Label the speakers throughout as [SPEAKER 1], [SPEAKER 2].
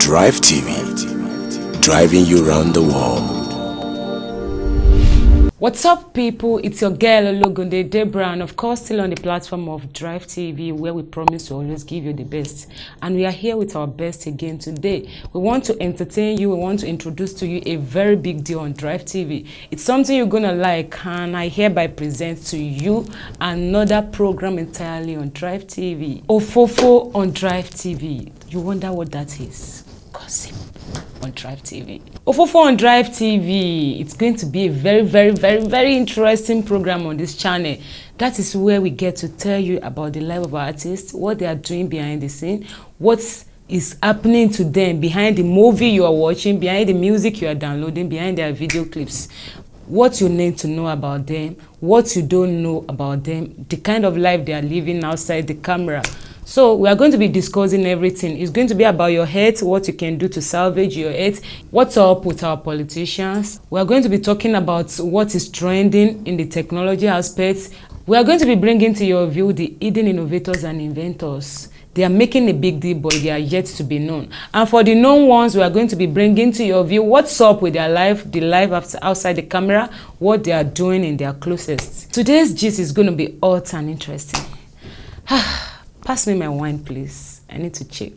[SPEAKER 1] Drive TV, driving you round the world. What's up, people? It's your girl Ologunde Debra, and of course, still on the platform of Drive TV, where we promise to always give you the best. And we are here with our best again today. We want to entertain you, we want to introduce to you a very big deal on Drive TV. It's something you're gonna like, and I hereby present to you another program entirely on Drive TV. Ofofo on Drive TV. You wonder what that is? Gossip. on Drive TV. Ofofo on Drive TV, it's going to be a very, very, very, very interesting program on this channel. That is where we get to tell you about the life of artists, what they are doing behind the scene, what is happening to them behind the movie you are watching, behind the music you are downloading, behind their video clips what you need to know about them, what you don't know about them, the kind of life they are living outside the camera. So we are going to be discussing everything. It's going to be about your health, what you can do to salvage your health, what's up with our politicians. We are going to be talking about what is trending in the technology aspects. We are going to be bringing to your view the hidden innovators and inventors. They are making a big deal, but they are yet to be known. And for the known ones, we are going to be bringing to your view what's up with their life, the life after, outside the camera, what they are doing in their closest. Today's gist is going to be hot and interesting. Pass me my wine, please. I need to check.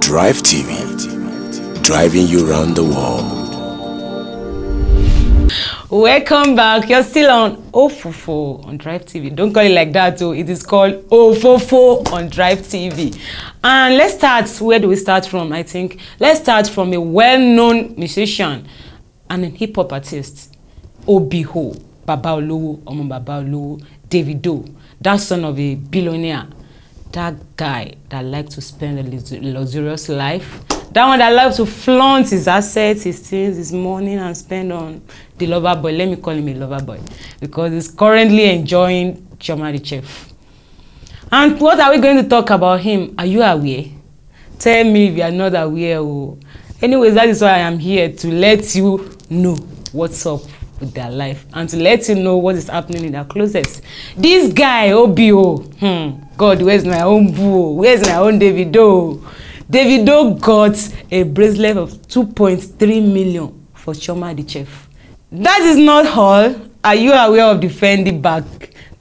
[SPEAKER 1] Drive TV, driving you round the world. Welcome back. You're still on Ofofo on Drive TV. Don't call it like that, though. It is called Ofofo on Drive TV. And let's start. Where do we start from? I think let's start from a well-known musician and a hip hop artist, Obiho Babaolowo, Omo Babaolowo, Davido, that son of a billionaire, that guy that likes to spend a luxurious life That one that likes to flaunt his assets, his things, his money, and spend on the lover boy. Let me call him a lover boy because he's currently enjoying Chioma the Chef. And what are we going to talk about him? Are you aware? Tell me if you are not aware. Oh. Anyways, that is why I am here to let you know what's up with their life and to let you know what is happening in their closest. This guy, OBO, hmm, God, where's my own boo? Where's my own Davido? Davido got a bracelet of two point three million for Chioma the Chef. That is not all. Are you aware of the Fendi bag?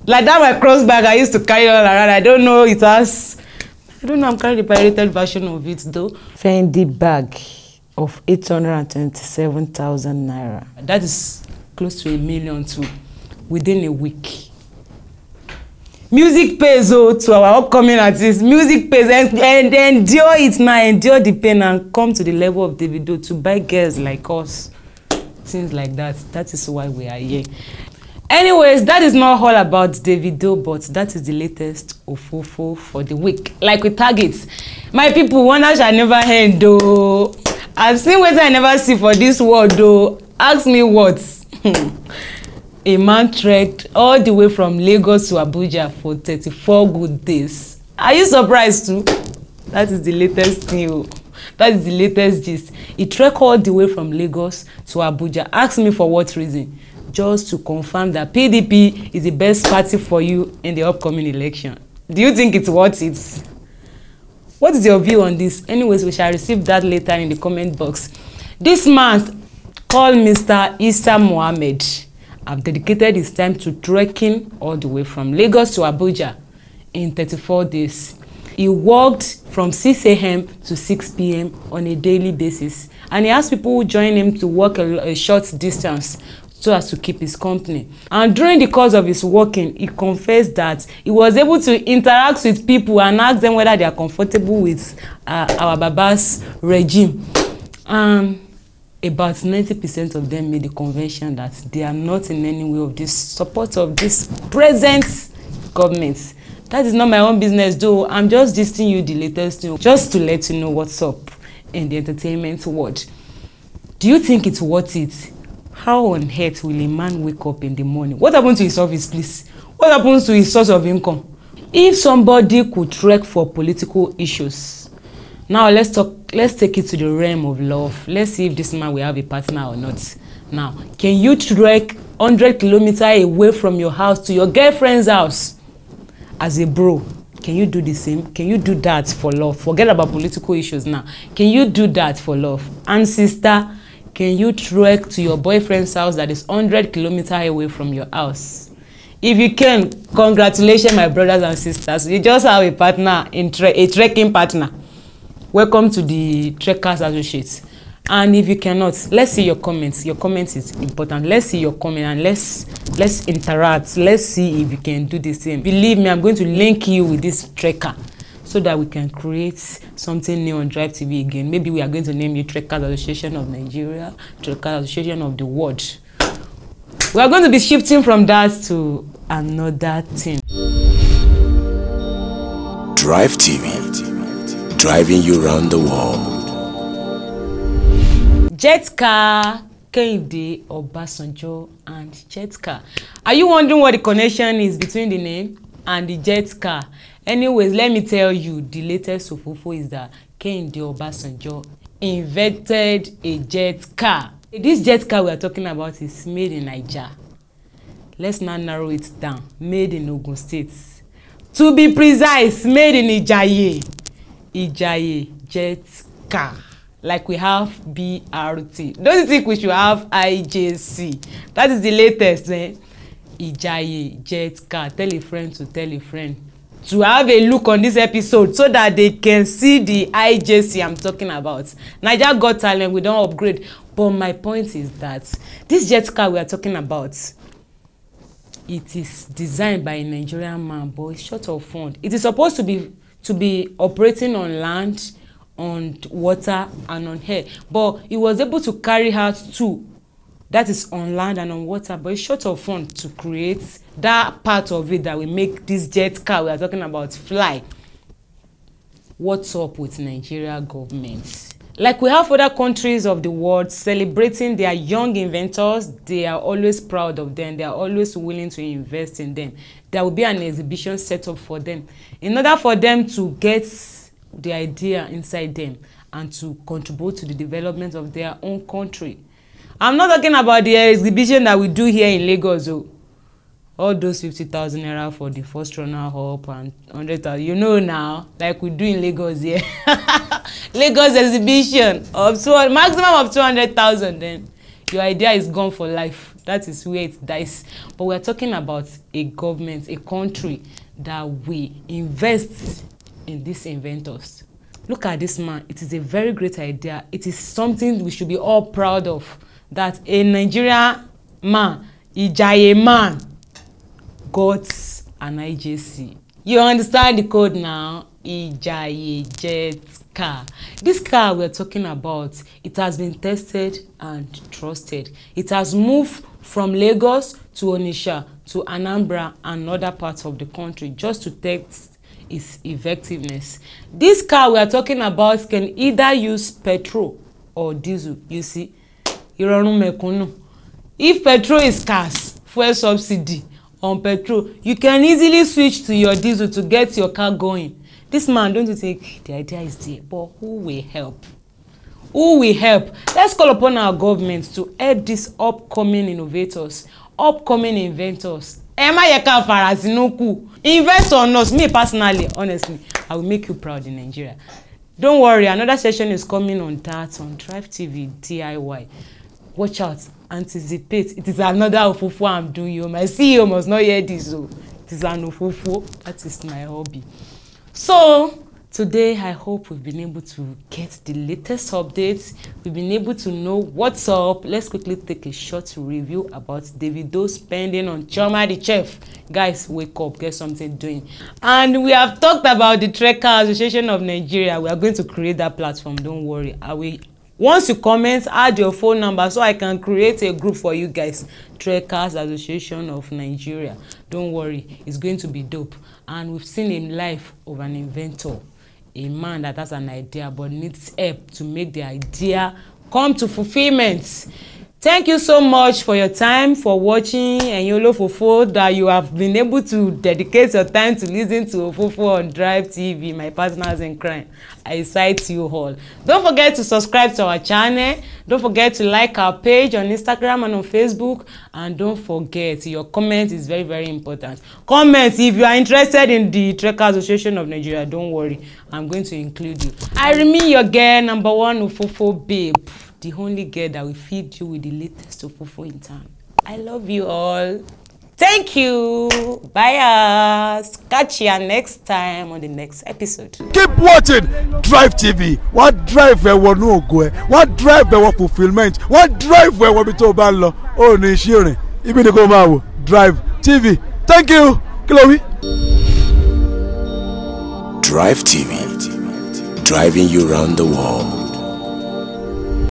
[SPEAKER 1] Like that my cross bag I used to carry all around. I don't know it has I don't know I'm carrying the pirated version of it though. Fendi bag of eight hundred and twenty-seven thousand naira. That is close to a million too within a week music pays o oh, to our upcoming artists music pays and, and endure it now endure the pain and come to the level of Davido to buy girls like us things like that that is why we are here anyways that is not all about Davido but that is the latest ofofo for the week like we target, my people One wonder shall never end o oh. i've seen wetin i never see for this world o oh. ask me what. a man trekked all the way from Lagos to Abuja for thirty-four good days. Are you surprised too? That is the latest thing. That is the latest gist. He trekked all the way from Lagos to Abuja. Ask me for what reason? Just to confirm that PDP is the best party for you in the upcoming election. Do you think it's worth it? What is your view on this? Anyways, we shall receive that later in the comment box. This man call Mr. Issa Mohammed have dedicated his time to trekking all the way from Lagos to Abuja in 34 days. He worked from 6 a.m. to 6 p.m. on a daily basis, and he asked people who join him to walk a, a short distance so as to keep his company. And during the course of his walking, he confessed that he was able to interact with people and ask them whether they are comfortable with uh, our Baba's regime. Um, about ninety percent of them made the convention that they are not in any way of this support of this present government. That is not my own business though. I'm just listing you the latest news just to let you know what's up in the entertainment world. Do you think it's worth it? How on earth will a man wake up in the morning? What happens to his office, please? What happens to his source of income? If somebody could trek for political issues, now let's talk let's take it to the realm of love. Let's see if this man will have a partner or not. Now, can you trek 100 kilometers away from your house to your girlfriend's house as a bro? Can you do the same? Can you do that for love? Forget about political issues now. Can you do that for love? And sister, can you trek to your boyfriend's house that is 100 kilometers away from your house? If you can, congratulations, my brothers and sisters. You just have a partner, in tre a trekking partner welcome to the trekkers associates and if you cannot let's see your comments your comment is important let's see your comment and let's let's interact let's see if you can do the same believe me i'm going to link you with this trekker so that we can create something new on drive tv again maybe we are going to name you trekkers association of nigeria trekkers association of the world we are going to be shifting from that to another thing drive tv driving you round the world. Jetcar Kehinde Obasanjo and Jetcar. Are you wondering what the connection is between the name and the Jetcar? Anyways, let me tell you, the latest of ofofo is that Kehinde Obasanjo invented a Jetcar. This Jetcar we are talking about is made in Niger. Let's now narrow it down. Made in Ogun State. To be precise, made in Ijaye. Ijaye jet car like we have BRT. Don't you think we should have IJC? That is the latest. Eh? Ijaye jet car. Tell a friend to tell a friend to have a look on this episode so that they can see the IJC I'm talking about. Naija Got Talent, we don upgrade. But my point is that this jet car we are talking about, it is designed by a Nigerian man, but it's short of fund. It is supposed to be to be operating on land, on water, and on air. But he was able to carry out two that is on land and on water but it's short of fund to create that part of it that will make this jet car we are talking about fly what's up with Nigeria government like we have other countries of the world celebrating their young inventors they are always proud of them they are always willing to invest in them there will be an exhibition set up for them in order for them to get the idea inside them and to contribute to the development of their own country i'm not talking about the exhibition that we do here in lagos Oh, all those fifty thousand naira for the first runner up and hundred thousand you know now like we do in lagos here lagos exhibition of two maximum of two hundred thousand then your idea is gone for life that is where it dies but we are talking about a government a country that we invest in these inventors look at this man it is a very great idea it is something we should be all proud of that a Nigerian man Ijaye man got an IJC You understand the code now? Ijaye Jet car. This car we are talking about, it has been tested and trusted. It has moved from Lagos to Onitsha to Anambra and other parts of the country just to test its effectiveness. This car we are talking about can either use petrol or diesel, you see. Ìrọ̀rùn mekunu. If petrol is scarce, fuel subsidy on petrol you can easily switch to your diesel to get your car going this man don't you think the idea is there but who will help who will help let's call upon our government to help these upcoming innovators upcoming inventors Emma má yẹ invest on us me personally honestly i will make you proud in nigeria don't worry another session is coming on that on Drive TV DIY watch out anticipate it is another ofufu i'm doing oh. e o my ceo must not hear this o oh. it is an ofufu. that is my hobby so today i hope we've been able to get the latest updates we've been able to know what's up let's quickly take a short review about davido spending on Choma the chef guys wake up get something doing and we have talked about the trekker association of nigeria we are going to create that platform don't worry i will once you comment add your phone number so i can create a group for you guys trekkers association of nigeria don't worry it's going to be dope and we've seen a life of an inventor a man that has an idea but needs help to make the idea come to fulfilment thank you so much for your time for watching ẹ̀yin olófòfó that you have been able to dedicate your time to listen to Ofofo on Drive TV my partners in crime i cite you all don't forget to subscribe to our channel don't forget to like our page on Instagram and on Facebook and don't forget your comment is very very important comment if you are interested in the Trekkers Association of Nigeria don't worry i'm going to include you i remain your girl number one Ofofo babe the only girl that will feed you with the latest fufu in town. I love you all. Thank you. Bye. Us. Catch you next time on the next episode. Keep watching Drive TV. What drive ẹ̀wọ̀ ní no go Wọ́n drive ẹ̀wọ̀ fulfilment. Wọ́n drive ẹ̀wọ̀ bí tó o bá ń lọ. Ó ní iṣẹ́ rìn. Ibi ni kò máa Drive TV. Thank you. Chloe. Drive TV. Driving you around the world.